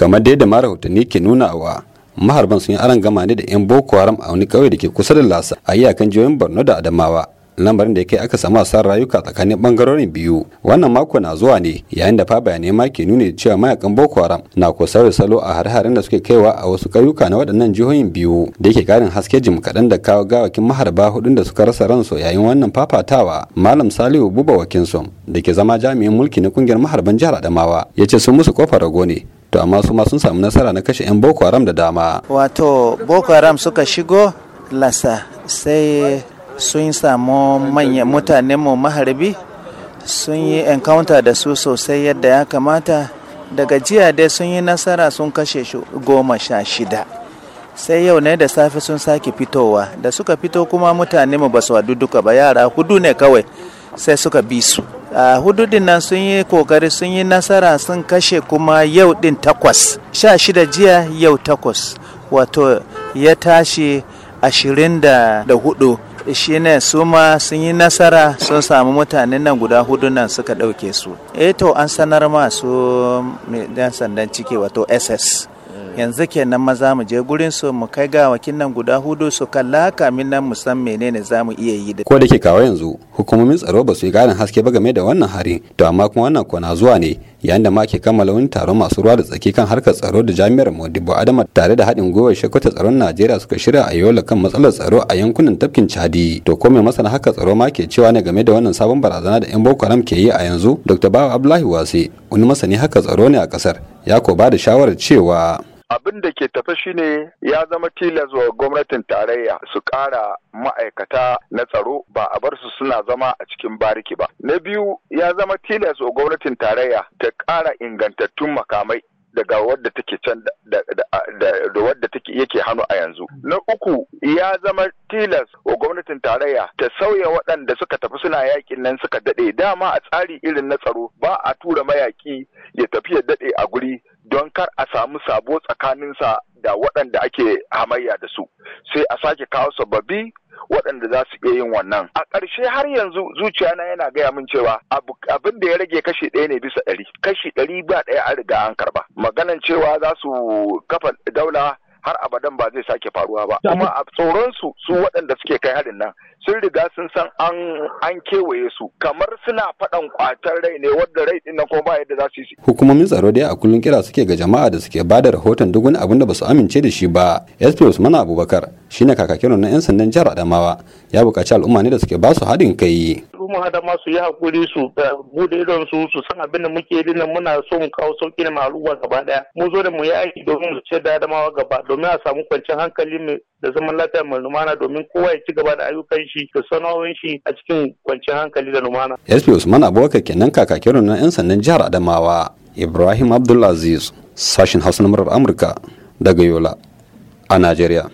kamar dai da yadda rahotanni ke nunawa maharban sun yi aron gama ne da 'yan boko haram a wani kauye da ke kusa da lasa a iyakan jihohin borno da adamawa lamarin da ya kai aka samu asarar rayuka tsakanin bangarorin biyu wannan mako na zuwa ne yayin da fa bayanai ma ke nuni cewa mayakan boko haram na ko da salo a har-harin da suke kaiwa a wasu kayuka na waɗannan jihohin biyu da yake karin haske jim kaɗan da kawo gawakin maharba hudun da suka rasa ransu yayin wannan fafatawa malam salihu buba wakinsom da ke zama jami'in mulki na kungiyar maharban jihar adamawa ya ce sun musu kofar rago ne to amma su ma sun samu nasara na kashe 'yan boko haram da dama wato boko haram suka shigo lasa sai sun samu manyan mutanenmu mu maharbi sun yi encounter da su sosai yadda ya kamata daga jiya dai sun yi nasara sun kashe goma sha shida sai yau ne da safe sun sake fitowa da suka fito kuma mutane mu ba su duka ba yara hudu ne kawai sai suka bi su Ah, hududin nan sun yi kokari sun yi nasara sun kashe kuma yau din takwas sha shida jiya yau takwas wato ya tashi ashirin da hudu shi ne su ma sun yi nasara sun samu mutanen nan guda hudu nan suka ɗauke su eto eh an sanar masu su dan sandan ciki wato ss yanzu kenan maza mu je gurin su mu kai gawakin nan guda hudu su kalla kamin nan mu san menene za mu iya yi da ko da ke kawo yanzu hukumomin tsaro ba su yi ganin haske ba game da wannan hari to amma kuma wannan kona zuwa ne yayin da ma ke kammala wani taron masu ruwa da tsaki kan harkar tsaro da jami'ar Modibo Adama tare da haɗin gwiwar shekwata tsaron Najeriya suka shirya a yola kan matsalar tsaro a yankunan tafkin Chadi to ko mai masana haka tsaro ma ke cewa ne game da wannan sabon barazana da yan Boko Haram ke yi a yanzu Dr. Bawa Abdullahi Wase wani masani haka tsaro ne a kasar ya ko ba da shawarar cewa abin da ke tafe shine ya zama tilas wa gwamnatin tarayya su ƙara ma'aikata na tsaro ba a bar su suna zama a cikin bariki ba na biyu ya zama tilas wa gwamnatin tarayya ta ƙara ingantattun makamai daga wadda take can da da wadda take yake hannu a yanzu. Na uku ya zama tilas wa gwamnatin tarayya ta sauya waɗanda suka tafi suna yakin nan suka daɗe dama a tsari irin na tsaro ba a tura mayaki ya tafi ya daɗe a guri don kar a samu sabo tsakaninsa da waɗanda ake hamayya da su sai a sake kawo sababbi waɗanda za su iya yin wannan a ƙarshe har yanzu zuciya na yana gaya min cewa abin da ya rage kashi ɗaya ne bisa ɗari kashi ɗari ba ɗaya an riga an karɓa maganan cewa za su kafa daula har abadan ba zai sake faruwa ba kuma a tsoronsu su su waɗanda suke kai harin nan sun riga sun san an an kewaye su kamar suna faɗan kwatar rai ne wadda rai ɗin na ko ba yadda za su yi hukumomin tsaro dai a kullun kira suke ga jama'a da suke ba da rahoton duk wani abin da ba su amince da shi ba SP Usman Abubakar shi shine kakakin na 'yan sandan jihar Adamawa ya buƙaci al'umma ne da suke ba su haɗin kai mu hada ma su yi hakuri su eh, bude idon su su san abin da muke dinnan muna so mu kawo sauki ne al'umma gaba daya mu zo da mu yi aiki domin mu ce da adamawa gaba domin a samu kwanciyar hankali da zaman lafiya mai lumana domin kowa ya ci gaba da ayyukan shi da sana'o'in shi a cikin kwanciyar hankali da lumana. SP Usman Abubakar kenan kakakin nan 'yan sandan jihar Adamawa Ibrahim Abdulaziz sashin Hausa na Amurka daga Yola a Najeriya.